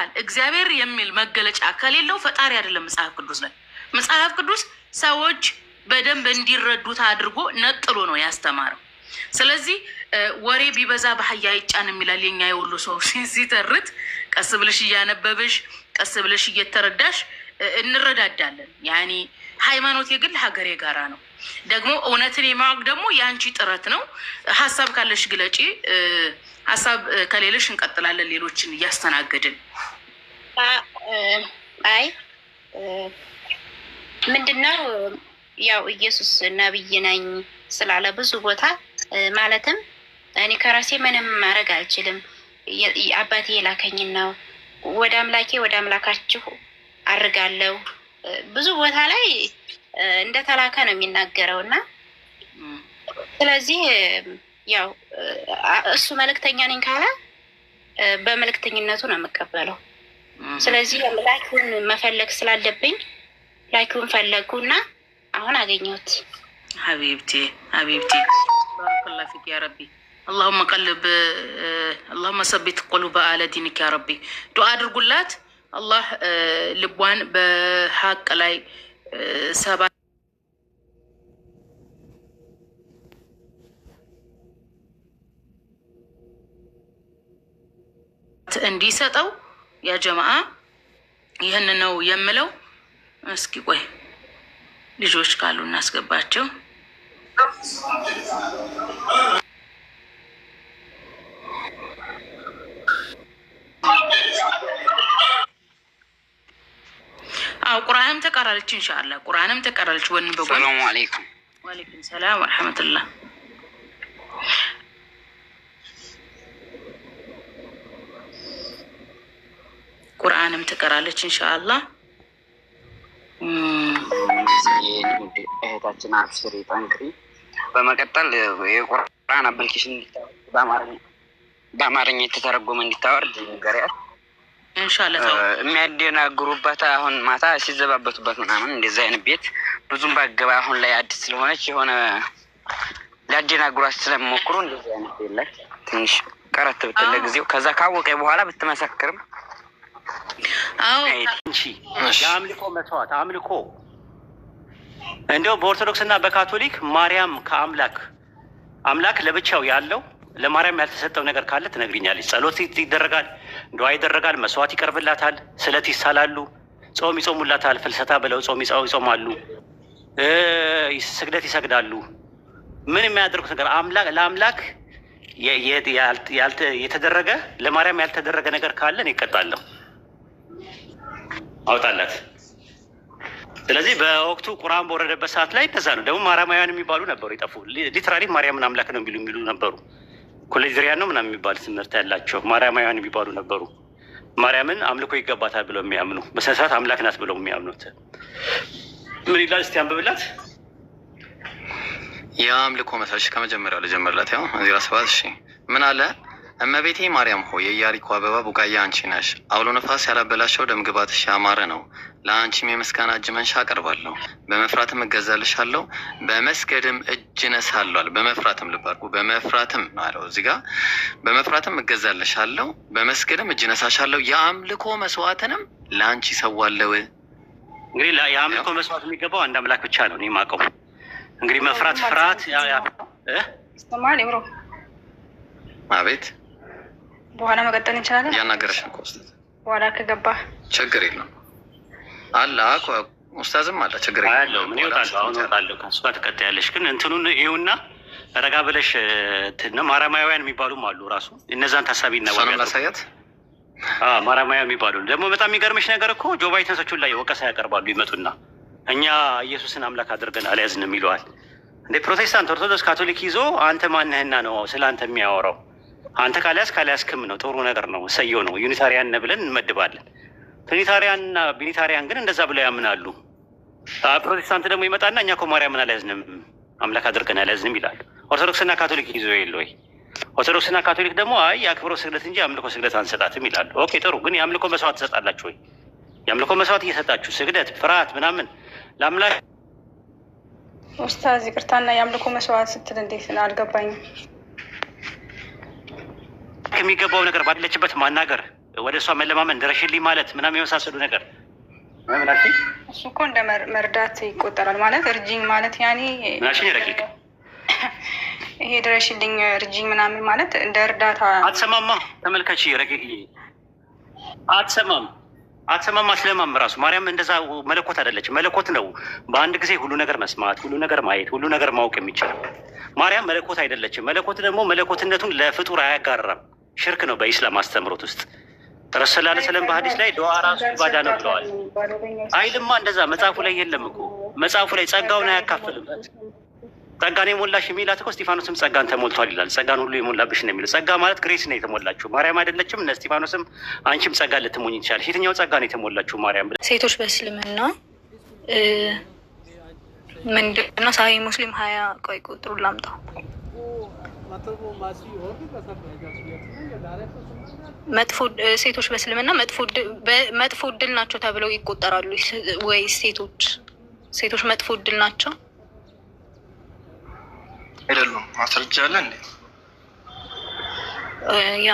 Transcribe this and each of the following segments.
አካል እግዚአብሔር የሚል መገለጫ ከሌለው ፈጣሪ አይደለም መጽሐፍ ቅዱስ ላይ። መጽሐፍ ቅዱስ ሰዎች በደንብ እንዲረዱት አድርጎ ነጥሎ ነው ያስተማረው። ስለዚህ ወሬ ቢበዛ በአህያ አይጫንም ይላል የኛ የወሎ ሰው ሲተርት። ቀስ ብለሽ እያነበበሽ ቀስ ብለሽ እየተረዳሽ እንረዳዳለን። ያኒ ሃይማኖት የግል ሀገሬ ጋራ ነው። ደግሞ እውነትን የማወቅ ደግሞ የአንቺ ጥረት ነው። ሀሳብ ካለሽ ግለጪ። ሀሳብ ከሌለሽ እንቀጥላለን። ሌሎችን እያስተናገድን አይ ምንድነው ያው ኢየሱስ ነብይ ነኝ ስላለ ብዙ ቦታ ማለትም እኔ ከራሴ ምንም ማድረግ አልችልም፣ አባቴ የላከኝን ነው፣ ወደ አምላኬ ወደ አምላካችሁ አድርጋለሁ። ብዙ ቦታ ላይ እንደተላከ ነው የሚናገረው እና ስለዚህ ያው እሱ መልእክተኛ ነኝ ካለ በመልእክተኝነቱ ነው የምቀበለው። ስለዚህ ላኪውን መፈለግ ስላለብኝ ላኪውን ፈለጉ እና አሁን አገኘሁት። ሀቢብቴ ሀቢብቴ ባረከላ ፊክ ያ ረቢ አላሁመ ቀልብ አላሁመ ሰቢት ቁሉበ አለ ዲንክ ያ ረቢ። ዱዓ አድርጉላት አላህ ልቧን በሀቅ ላይ ሰባ እንዲሰጠው ያጀማአ ይህን ነው የምለው። እስኪ ቆይ ልጆች ካሉ እናስገባቸው። አው ቁርአንም ተቀራለች። ኢንሻአላህ ቁርአንም ተቀራለች። ወን በጎ ሰላም አለይኩም ወአለይኩም ሰላም ወራህመቱላህ ትቸገራለች። እንሻአላ እህታችን አብሽሪ ጠንክሪ። በመቀጠል የቁርአን አፕሊኬሽን በአማርኛ የተተረጎመ እንዲታወርድ ንገሪያት። የሚያደናግሩበት አሁን ማታ ሲዘባበቱበት ምናምን እንደዚህ አይነት ቤት ብዙም ባገባ አሁን ላይ አዲስ ስለሆነች የሆነ ሊያደናግሯት ስለሚሞክሩ እንደዚህ አይነት ቤት ላይ ትንሽ ቀረት ብትለ ጊዜው ከዛ ካወቀ በኋላ ብትመሰክርም የአምልኮ መስዋዕት አምልኮ በኦርቶዶክስ እና በካቶሊክ ማርያም ከአምላክ አምላክ ለብቻው ያለው ለማርያም ያልተሰጠው ነገር ካለ ትነግርኛለች። ጸሎት ይደረጋል፣ ዱዓ ይደረጋል፣ መስዋዕት ይቀርብላታል፣ ስለት ይሳላሉ፣ ጾም ይጾሙላታል። ፍልሰታ ብለው ጾም ይጾማሉ፣ ስግደት ይሰግዳሉ። ምን የሚያደርጉት ነገር ለአምላክ የተደረገ ለማርያም ያልተደረገ ነገር ካለ እቀጣለሁ። አውጣላት። ስለዚህ በወቅቱ ቁርአን በወረደበት ሰዓት ላይ እንደዛ ነው። ደግሞ ማርያማውያን የሚባሉ ነበሩ የጠፉ ሊትራሊ ማርያምን አምላክ ነው የሚሉ የሚሉ ነበሩ። ኮሌጅሪያን ነው ምናምን የሚባል ትምህርት ያላቸው ማርያማውያን የሚባሉ ነበሩ። ማርያምን አምልኮ ይገባታል ብለው የሚያምኑ በስነ ስርዓት አምላክ ናት ብለው የሚያምኑት ምን ይላል? እስቲ አንብብላት። የአምልኮ መሳሽ ከመጀመሪያው ልጀምርላት። ያው እዚህ ሰባት ምን አለ እመቤቴ ማርያም ሆይ የኢያሪኮ አበባ ቡቃያ አንቺ ነሽ። አውሎ ነፋስ ያላበላሸው ደም ግባትሽ ያማረ ነው። ለአንቺም የምስጋና እጅ መንሻ አቀርባለሁ። በመፍራትም እገዛልሻለሁ፣ በመስገድም እጅ ነሳለል። በመፍራትም ልባርኩ በመፍራትም አለው እዚህ ጋ በመፍራትም እገዛልሻለሁ፣ በመስገድም እጅ ነሳሻለሁ፣ የአምልኮ መስዋዕትንም ለአንቺ ሰዋለው። እንግዲህ የአምልኮ መስዋዕት የሚገባው አንድ አምላክ ብቻ ነው። እኔ ማቀው እንግዲህ መፍራት ፍርሃት አቤት በኋላ መቀጠል እንችላለን። እያናገረሽ እኮ በኋላ ከገባ ችግር የለም አለ እኮ ኡስታዝም አለ ችግር የለም። ምን ይወጣለሁ? ከእሱ ጋር ትቀጥያለሽ። ግን እንትኑን ይሁና ረጋ ብለሽ ማራማያውያን የሚባሉም አሉ። ራሱ እነዛን ታሳቢ እናዋጋለን። ማራማያ የሚባሉ ደግሞ በጣም የሚገርምሽ ነገር እኮ ጆ ባይደን ሰዎቹን ላይ ወቀሳ ያቀርባሉ። ይመጡና እኛ ኢየሱስን አምላክ አድርገን አልያዝንም ይለዋል። እንደ ፕሮቴስታንት፣ ኦርቶዶክስ፣ ካቶሊክ ይዞ አንተ ማንህና ነው ስለ አንተ የሚያወራው? አንተ ካልያዝ ካልያዝክም ነው። ጥሩ ነገር ነው። ሰየ ነው። ዩኒታሪያን ብለን እንመድባለን። ትሪኒታሪያንና ቢኒታሪያን ግን እንደዛ ብለው ያምናሉ። ፕሮቴስታንት ደግሞ ይመጣና እኛ እኮ ማርያምን አልያዝንም አምላክ አድርገን አልያዝንም ይላሉ። ኦርቶዶክስና ካቶሊክ ይዞ የለ ወይ? ኦርቶዶክስና ካቶሊክ ደግሞ አይ የአክብሮ ስግደት እንጂ የአምልኮ ስግደት አንሰጣትም ይላሉ። ኦኬ ጥሩ፣ ግን የአምልኮ መስዋዕት ትሰጣላችሁ ወይ? የአምልኮ መስዋዕት እየሰጣችሁ ስግደት፣ ፍርሃት ምናምን ለአምላክ ኡስታዝ ይቅርታና የአምልኮ መስዋዕት ስትል እንዴት አልገባኝም። ከሚገባው ነገር ባለችበት ማናገር፣ ወደ እሷ መለማመን፣ ድረሽልኝ ማለት ምናምን የመሳሰሉ ነገር እሱ እኮ እንደ መርዳት ይቆጠራል። ማለት እርጅኝ ማለት ያኔ ምናሽን ረቂቅ ይሄ ድረሽልኝ እርጅኝ ምናምን ማለት እንደ እርዳታ አትሰማማ። ተመልከች ረቂቅ አትሰማም አትሰማም አትለማም። ራሱ ማርያም እንደዛ መለኮት አይደለች። መለኮት ነው በአንድ ጊዜ ሁሉ ነገር መስማት፣ ሁሉ ነገር ማየት፣ ሁሉ ነገር ማወቅ የሚችል ማርያም መለኮት አይደለችም። መለኮት ደግሞ መለኮትነቱን ለፍጡር አያጋራም። ሽርክ ነው በኢስላም አስተምሮት ውስጥ ረሱል ሰለላሁ ዐለይሂ በሀዲስ ላይ ድዋ ራሱ ባዳ ነው ብለዋል። አይልማ እንደዛ መጽሐፉ ላይ የለም እኮ መጽሐፉ ላይ ጸጋውን አያካፍልም። ጸጋን የሞላሽ የሚላት እኮ እስጢፋኖስም ጸጋን ተሞልቷል ይላል። ጸጋን ሁሉ የሞላብሽ ነው የሚለው። ጸጋ ማለት ግሬስ ነው የተሞላችሁ ማርያም አይደለችም? እነ እስጢፋኖስም አንቺም ጸጋ ልትሞኝ ይቻል። የትኛው ጸጋ ነው የተሞላችሁ ማርያም? ሴቶች በእስልምና ምንድነው? ሳሂ ሙስሊም ሀያ ቆይ ቁጥሩ ላምጣው መጥፎ ሴቶች በእስልምና መጥፎ እድል ናቸው ተብለው ይቆጠራሉ ወይ? ሴቶች ሴቶች መጥፎ እድል ናቸው አይደሉም? ማስረጃ አለ እንዴ? ያ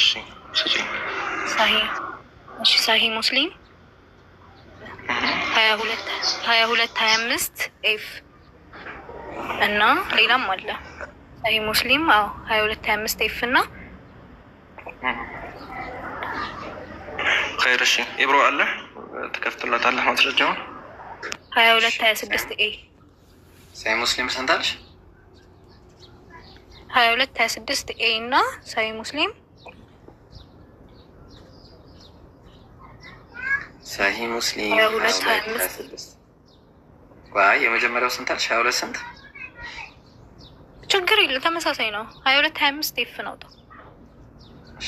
እሺ፣ ሳሂ ሙስሊም ሀያ ሁለት ሀያ አምስት ኤፍ እና ሌላም አለ أي مسلم أو هاي ولا تامس تيفنا خير الشيء يبرو إيه الله تكفت الله تعالى ما ترجعون هاي ولا تاس بس أي سي مسلم سندالش هاي ولا تاس بس أي نا سي مسلم صحيح مسلم هاي ولا تاس بس واي يا مجمع رأسنتالش هاي ولا سنتالش ችግር የለ ተመሳሳይ ነው። ሀያ ሁለት ሀያ አምስት ኤፍ ነው ጣ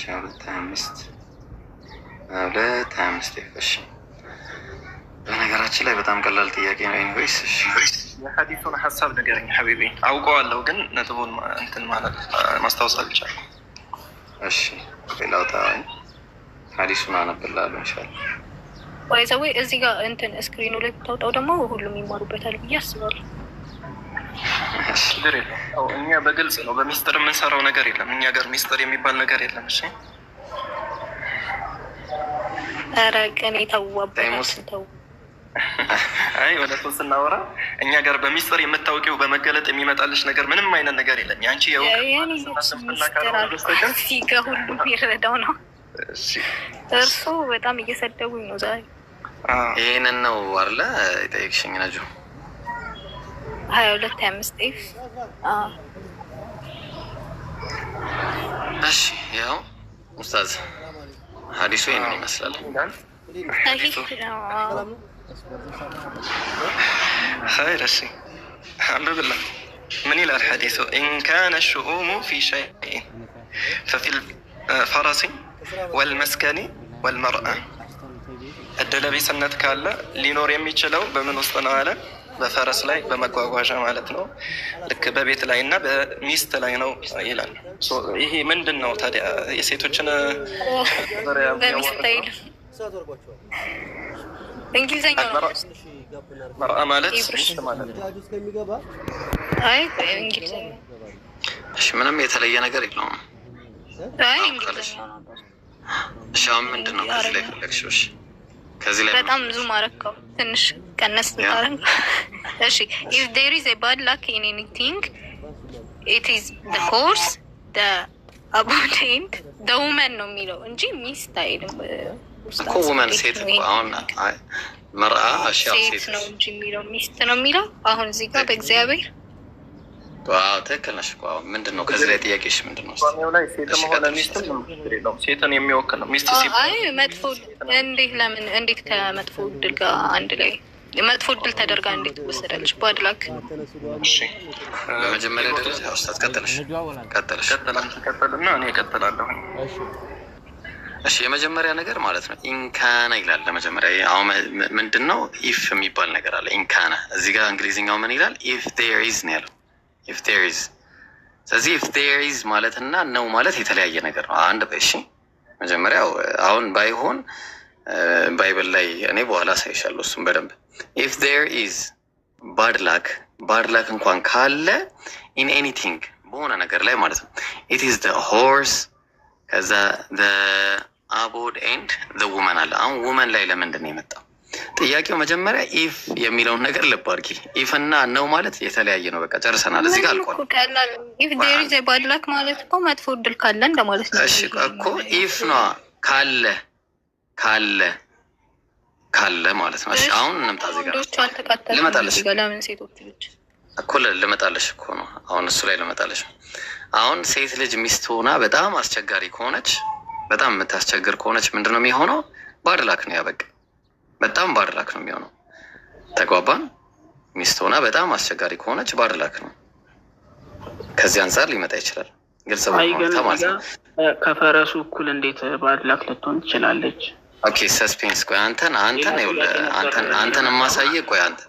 ሀያ ሁለት ሀያ አምስት ሀያ ሁለት ሀያ አምስት ኤፍ። እሺ በነገራችን ላይ በጣም ቀላል ጥያቄ ነው። ኢንቨይስ የሀዲሱን ሀሳብ ንገረኝ ሀቢቢ። አውቀዋለሁ ግን ነጥቡን እንትን ማለት ማስታወስ አልቻልኩም። እሺ ሌላው ጣኝ ሀዲሱን አነብላለሁ ኢንሻላህ። ባይዘዌ እዚህ ጋር እንትን ስክሪኑ ላይ ብታውጣው ደግሞ ሁሉም ይማሩበታል ብዬ አስባለሁ። ችግር የለም። እኛ በግልጽ ነው በሚስጥር የምንሰራው ነገር የለም። እኛ ጋር ሚስጥር የሚባል ነገር የለም። እሺ ኧረ አይ ወደ ሶስት እናወራ። እኛ ጋር በሚስጥር የምታውቂው በመገለጥ የሚመጣልሽ ነገር ምንም አይነት ነገር የለም። ያንቺ ከሁሉ ነው። እርሱ በጣም እየሰደቡኝ ነው ዛሬ። ይህንን ነው አለ የጠየቅሽኝ ነጁ ሀያ ሁለት ሀያ አምስት ጤፍ እሺ። ያው ኡስታዝ ሀዲሱ ይህንን ይመስላል። خير الشيء حبب الله من إلى الحديث إن كان الشؤوم في شيء ففي الفرس آه، والمسكن والمرأة الدلبي سنة كالا لنور يمي بمن وسطنا على በፈረስ ላይ በመጓጓዣ ማለት ነው። ልክ በቤት ላይ እና በሚስት ላይ ነው ይላል። ይሄ ምንድን ነው ታዲያ? የሴቶችን እንግሊዝኛ ማለት ምንም የተለየ ነገር የለውም። እሺ አሁን ምንድን ነው ከዚህ ላይ ፈለግሽ? ከዚህ ላይ በጣም ብዙ ማረከው ትንሽ ቀነስ ታረግ። እሺ ኢፍ ዴር ኢዝ ኤ ባድ ላክ ኢን ኤኒቲንግ ኢት ኢዝ ዘ ሆርስ ዘ አቦዴንት ዘ ውመን ነው የሚለው እንጂ ሚስት አይልም እኮ። ውመን ሴት እኮ አሁን መርአ ሴት ነው እንጂ የሚለው ሚስት ነው የሚለው። አሁን እዚህ ጋር በእግዚአብሔር ትክክል ነሽ። ምንድን ነው ከዚህ ላይ ጥያቄሽ ምንድን ነው? ሴትን የሚወክል ነው። ሚስት መጥፎ እንዴት ለምን እንዴት ከመጥፎ እድል ጋር አንድ ላይ መጥፎ እድል ተደርጋ እንዴት ወሰዳለች? በአድላክ በመጀመሪያ ደረጃ ውስታት ቀጥለሽ ቀጠለሽ ቀጠልና እኔ ቀጠላለሁ። እሺ የመጀመሪያ ነገር ማለት ነው ኢንካና ይላል። ለመጀመሪያ አሁን ምንድን ነው ኢፍ የሚባል ነገር አለ ኢንካና። እዚህ ጋር እንግሊዝኛው ምን ይላል? ኢፍ ዜር ኢዝ ነው ያለው ኢፍ ቴሪዝ ስለዚህ ኢፍ ቴሪዝ ማለትና ነው ማለት የተለያየ ነገር ነው። አንድ እሺ፣ መጀመሪያ አሁን ባይሆን ባይብል ላይ እኔ በኋላ ሳይሻለ እሱም በደንብ ኢፍ ቴር ኢዝ ባድ ላክ ባድ ላክ እንኳን ካለ ኢን ኤኒቲንግ በሆነ ነገር ላይ ማለት ነው። ኢት ኢዝ ደ ሆርስ ከዛ ደ አቦድ ኤንድ ደ ውመን አለ። አሁን ውመን ላይ ለምንድን ነው የመጣው? ጥያቄው መጀመሪያ ኢፍ የሚለውን ነገር ልብ አድርጊ። ኢፍ እና ነው ማለት የተለያየ ነው። በቃ ጨርሰናል። እዚህ ጋር አልቋል። እኮ መጥፎ እድል ካለ እንደማለት ነው። እኮ ኢፍ ነ ካለ ካለ ካለ ማለት ነው። አሁን እንምጣ። እዚህ ጋር ልመጣለሽ እኮ ልመጣለሽ እኮ ነው። አሁን እሱ ላይ ልመጣለሽ። አሁን ሴት ልጅ ሚስት ሆና በጣም አስቸጋሪ ከሆነች፣ በጣም የምታስቸግር ከሆነች ምንድነው የሚሆነው? ባድ ነው ያበቃ በጣም ባርላክ ነው የሚሆነው። ተጓባን። ሚስት ሆና በጣም አስቸጋሪ ከሆነች ባርላክ ነው። ከዚህ አንጻር ሊመጣ ይችላል። ግልጽ ከፈረሱ እኩል እንዴት ባርላክ ልትሆን ትችላለች? ኦኬ ሰስፔንስ። ቆይ አንተን አንተን ይኸውልህ አንተን የማሳየ ቆይ አንተ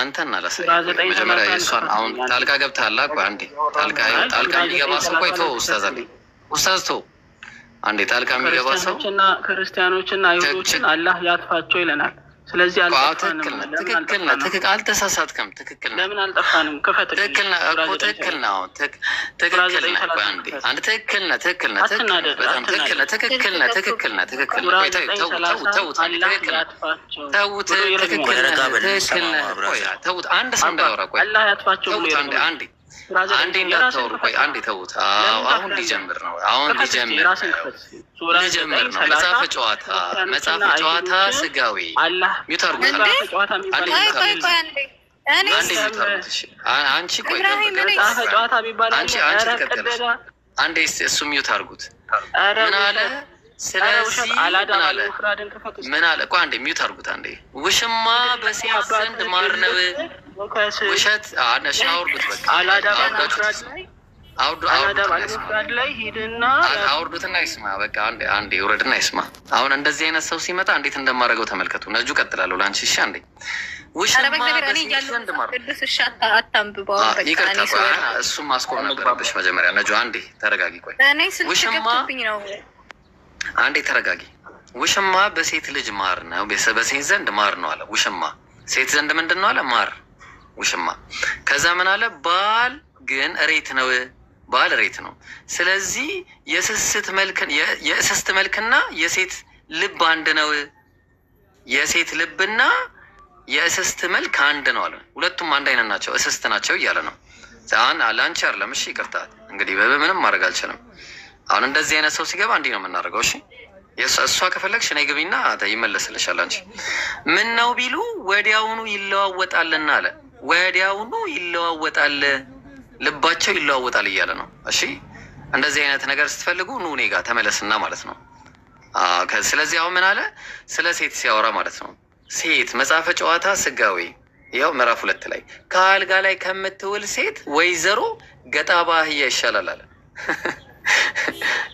አንተን አላሳየህ መጀመሪያ የእሷን አሁን ጣልቃ ገብተሃል። ቆይ አንዴ ጣልቃ ጣልቃ የሚገባ ሰው ቆይ ተወው ኡስታዝ አለኝ ኡስታዝ ተወው አንዴ ጣልቃ የሚገባ ሰው ክርስቲያኖችና አይሁዶችን አላህ ያጥፋቸው ይለናል። ስለዚህ ትክክል አልተሳሳትክም። ትክክል ለምን አልጠፋንም? ክፈት ትክክል ነህ እኮ ትክክል ነህ። ትክክል ነህ። አንድ ትክክል ነህ። ትክክል ነህ። በጣም ትክክል ነህ። ትክክል ነህ። ትክክል ነህ። ትክክል ነህ። አንዴ እንዳታወሩ፣ ቆይ አንዴ ተውት። አሁን ሊጀምር ነው። አሁን ሊጀምር ሊጀምር ነው። መጽሐፈ ጨዋታ መጽሐፈ ጨዋታ ስጋዊ ሚተርጉ አንቺ ቆይ አንቺ አንቺ ተከተለሽ አንዴ እሱ ሚዩት አድርጉት። ምን አለ? ስለዚህ ምን አለ? ምን አለ? ቆይ አንዴ ሚዩት አድርጉት። አንዴ ውሽማ በሴት ዘንድ ማር ነው ውሸት አውርዱት፣ ላይ ሂድና አውርዱትና ይስማ። በቃ አንዴ ውረድና ይስማ። አሁን እንደዚህ አይነት ሰው ሲመጣ እንዴት እንደማደርገው ተመልከቱ። ነጁ ቀጥላለሁ ለአንቺ እሺ። አንዴ እሱም ማስቆም ነበረብሽ መጀመሪያ። ነጁ አንዴ ተረጋጊ፣ ቆይ አንዴ ተረጋጊ። ውሽማ በሴት ልጅ ማር ነው፣ በሴት ዘንድ ማር ነው አለ። ውሽማ ሴት ዘንድ ምንድን ነው አለ ማር ውሽማ። ከዛ ምን አለ? ባል ግን እሬት ነው። ባል እሬት ነው። ስለዚህ የእስስት መልክና የሴት ልብ አንድ ነው። የሴት ልብና የእስስት መልክ አንድ ነው አለ። ሁለቱም አንድ አይነት ናቸው፣ እስስት ናቸው እያለ ነው። ዛን ለአንቺ አይደለም። እሺ ይቅርታ እንግዲህ ምንም ማድረግ አልችልም። አሁን እንደዚህ አይነት ሰው ሲገባ እንዲህ ነው የምናደርገው። እሺ እሷ ከፈለግሽ ነይ ግቢና ይመለስልሻል። አንቺ ምን ነው ቢሉ ወዲያውኑ ይለዋወጣልና አለ ወዲያውኑ ይለዋወጣል፣ ልባቸው ይለዋወጣል እያለ ነው። እሺ እንደዚህ አይነት ነገር ስትፈልጉ ኑ እኔ ጋር ተመለስና ማለት ነው። ስለዚህ አሁን ምን አለ ስለ ሴት ሲያወራ ማለት ነው። ሴት መጽሐፈ ጨዋታ ስጋዊ ያው ምዕራፍ ሁለት ላይ ከአልጋ ላይ ከምትውል ሴት ወይዘሮ ገጣ ባህያ ይሻላል አለ።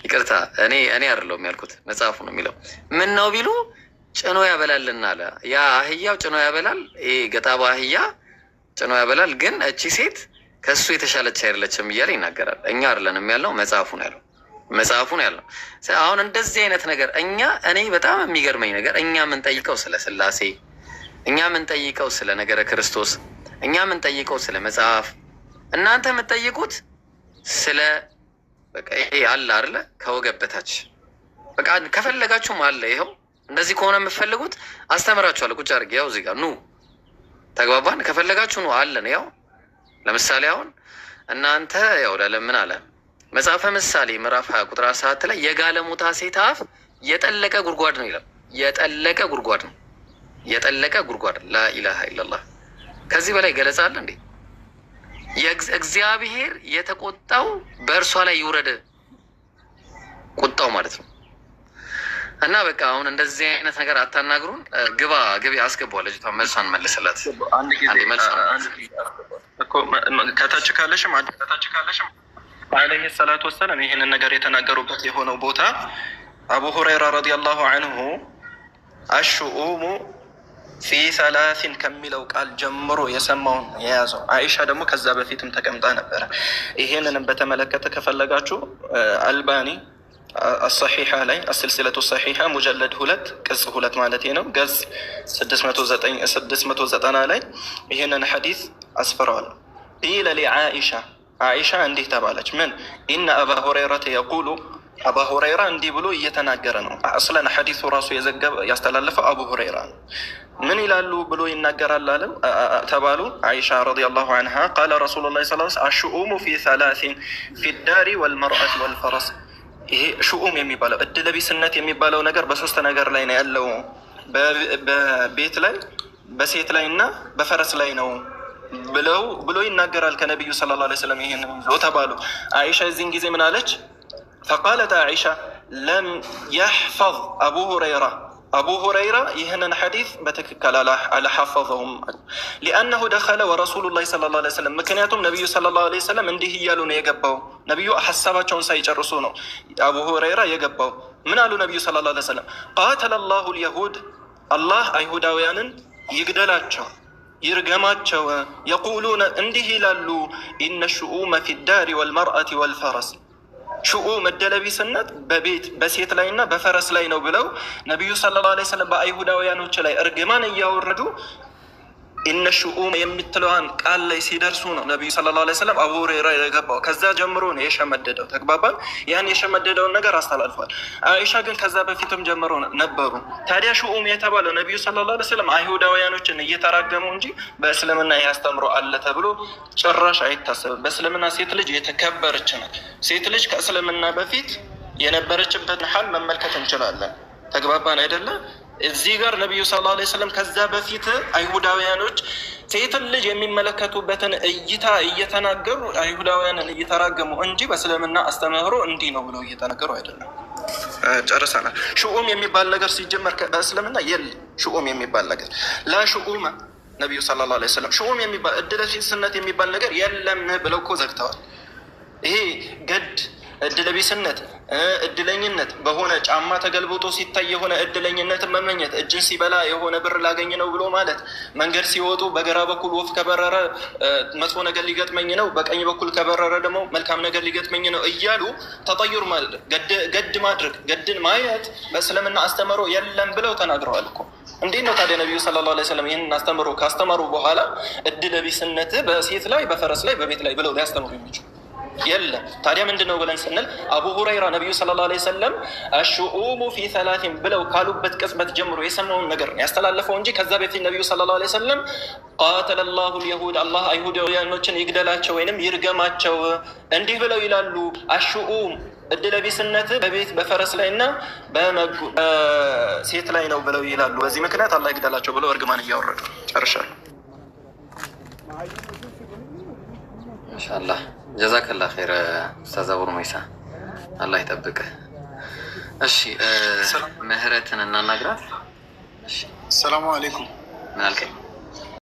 ይቅርታ እኔ እኔ አይደለሁም ያልኩት መጽሐፉ ነው የሚለው። ምን ነው ቢሉ ጭኖ ያበላልና አለ። ያ አህያው ጭኖ ያበላል። ይሄ ገጣ አህያ ጭኖ ያበላል። ግን እቺ ሴት ከእሱ የተሻለች አይደለችም እያለ ይናገራል። እኛ አይደለንም ያለው መጽሐፉ ነው ያለው መጽሐፉ ነው ያለው። አሁን እንደዚህ አይነት ነገር እኛ እኔ በጣም የሚገርመኝ ነገር እኛ የምንጠይቀው ስለ ስላሴ፣ እኛ የምንጠይቀው ስለ ነገረ ክርስቶስ፣ እኛ የምንጠይቀው ስለ መጽሐፍ፣ እናንተ የምትጠይቁት ስለ በቃ ይሄ አለ አይደለ ከወገብ በታች በቃ ከፈለጋችሁም አለ ይኸው እንደዚህ ከሆነ የምትፈልጉት አስተምራችኋለሁ። ቁጭ አድርጌ ያው እዚህ ጋር ኑ ተግባባን። ከፈለጋችሁ ነው አለን። ያው ለምሳሌ አሁን እናንተ ያው ለምን አለ መጽሐፈ ምሳሌ ምዕራፍ ሀያ ቁጥር ሰባት ላይ የጋለሞታ ሴት አፍ የጠለቀ ጉድጓድ ነው ይላል። የጠለቀ ጉድጓድ ነው። የጠለቀ ጉድጓድ ላኢላሃ ኢለላህ። ከዚህ በላይ ገለጻ አለ እንዴ? እግዚአብሔር የተቆጣው በእርሷ ላይ ይውረድ፣ ቁጣው ማለት ነው። እና በቃ አሁን እንደዚህ አይነት ነገር አታናግሩን። ግባ ግቢ አስገባዋል። ልጅቷ መልሷን መልስላት። ከታች ካለሽም ከታች ካለሽም አለህ ሰላት ወሰላም ይህንን ነገር የተናገሩበት የሆነው ቦታ አቡ ሁረይራ ረዲያላሁ አንሁ አሽኡሙ ፊ ሰላሲን ከሚለው ቃል ጀምሮ የሰማውን የያዘው። አይሻ ደግሞ ከዛ በፊትም ተቀምጣ ነበረ። ይሄንንም በተመለከተ ከፈለጋችሁ አልባኒ الصحيحة لي السلسلة الصحيحة مجلد هلت قز هلت مالتي نو قز 690 لي هنا حديث أسفرال قيل لعائشة عائشة عندي تبالج من إن أبا هريرة يقول أبا هريرة عندي بلو يتناقرن أصلا حديث راسو يزقب يستلالف أبو هريرة من إلى اللو بلو ينقر اللالم تبالو عائشة رضي الله عنها قال رسول الله صلى الله عليه وسلم الشؤوم في ثلاث في الدار والمرأة والفرس ይሄ ሹኡም የሚባለው እድለቢስነት የሚባለው ነገር በሶስት ነገር ላይ ነው ያለው። በቤት ላይ፣ በሴት ላይ እና በፈረስ ላይ ነው ብለው ብሎ ይናገራል ከነቢዩ ሰለላሁ ዐለይሂ ወሰለም። ይሄን ይዞ ተባሉ። አይሻ እዚህን ጊዜ ምን አለች? ፈቃለት አይሻ ለም የሕፈዝ አቡ ሁረይራ አቡ ሁረይራ ይህንን ሐዲስ በትክክል አልሐፈዘውም አሉ። ሊአነሁ ደኸለ ወረሱሉላህ ሰለላሁ ዐለይሂ ወሰለም፣ ምክንያቱም ነቢዩ ሰለላሁ ዐለይሂ ወሰለም እንዲህ እያሉ ነው የገባው። ነቢዩ ሀሳባቸውን ሳይጨርሱ ነው አቡ ሁረይራ የገባው። ምን አሉ ነቢዩ ሰለላሁ ዐለይሂ ወሰለም? ቃተለ ላሁ ልየሁድ፣ አላህ አይሁዳውያንን ይግደላቸው ይርገማቸው። የቁሉነ እንዲህ ይላሉ፣ ኢነ ሽኡመ ፊዳሪ ወልመርአቲ ወልፈረስ ሽኡ መደለቢስነት በቤት በሴት ላይ እና በፈረስ ላይ ነው ብለው ነቢዩ ሰለላሁ ዓለይሂ ወሰለም በአይሁዳውያኖች ላይ እርግማን እያወረዱ እነሹ ሽኡም የምትለዋን ቃል ላይ ሲደርሱ ነው ነቢዩ ሰለላሁ ዓለይሂ ወሰለም አቡ ሁሬራ የገባው። ከዛ ጀምሮ ነው የሸመደደው። ተግባባል። ያን የሸመደደውን ነገር አስተላልፏል። አይሻ ግን ከዛ በፊትም ጀምሮ ነበሩ። ታዲያ ሹኡም የተባለው ነቢዩ ሰለላሁ ዓለይሂ ወሰለም አይሁዳውያኖችን እየተራገሙ እንጂ በእስልምና ያስተምሮ አለ ተብሎ ጭራሽ አይታሰብም። በእስልምና ሴት ልጅ የተከበረች ናት። ሴት ልጅ ከእስልምና በፊት የነበረችበትን ሀል መመልከት እንችላለን። ተግባባን አይደለም እዚህ ጋር ነቢዩ ሰለላሁ ዓለይሂ ወሰለም ከዛ በፊት አይሁዳውያኖች ሴትን ልጅ የሚመለከቱበትን እይታ እየተናገሩ አይሁዳውያንን እየተራገሙ እንጂ በእስልምና አስተምህሮ እንዲህ ነው ብለው እየተናገሩ አይደለም። ጨርሰናል። ሽኡም የሚባል ነገር ሲጀመር በእስልምና የለም። ሽኡም የሚባል ነገር ላሽኡመ ነቢዩ ሰለላሁ ዓለይሂ ወሰለም ሽኡም የሚባል እድለ ስነት የሚባል ነገር የለም ብለው እኮ ዘግተዋል። ይሄ ገድ እድለቢስነት፣ እድለኝነት በሆነ ጫማ ተገልብጦ ሲታይ የሆነ እድለኝነትን መመኘት፣ እጅን ሲበላ የሆነ ብር ላገኝ ነው ብሎ ማለት፣ መንገድ ሲወጡ በግራ በኩል ወፍ ከበረረ መጥፎ ነገር ሊገጥመኝ ነው፣ በቀኝ በኩል ከበረረ ደግሞ መልካም ነገር ሊገጥመኝ ነው እያሉ ተጠዩር ማለት ገድ ማድረግ ገድን ማየት በእስልምና አስተምሮ የለም ብለው ተናግረዋል እኮ። እንዴት ነው ታዲያ ነቢዩ ሰለላሁ ዐለይሂ ወሰለም ይህንን አስተምሮ ካስተማሩ በኋላ እድለቢስነት በሴት ላይ፣ በፈረስ ላይ፣ በቤት ላይ ብለው ሊያስተምሩ የሚችሉ የለም። ታዲያ ምንድን ነው ብለን ስንል አቡ ሁረይራ ነቢዩ ሰለላሁ ዐለይሂ ወሰለም አሽኡሙ ፊ ሰላሲን ብለው ካሉበት ቅጽበት ጀምሮ የሰማውን ነገር ነው ያስተላለፈው እንጂ ከዛ በፊት ነቢዩ ሰለላሁ ዐለይሂ ወሰለም ቃተለ ላሁ ልየሁድ አላህ አይሁዳውያኖችን ይግደላቸው ወይንም ይርገማቸው እንዲህ ብለው ይላሉ። አሽኡም እድለቢስነት በቤት በፈረስ ላይ እና በሴት ላይ ነው ብለው ይላሉ። በዚህ ምክንያት አላህ ይግደላቸው ብለው እርግማን እያወረዱ ጨርሻለሁ። ኢንሻላህ ጀዛከላ ኸይረ ኡስታዝ ቡርሜሳ አላህ ይጠብቅ እሺ ምህረትን እናናግራት። ሰላሙ አሌይኩም ምን አልከኝ?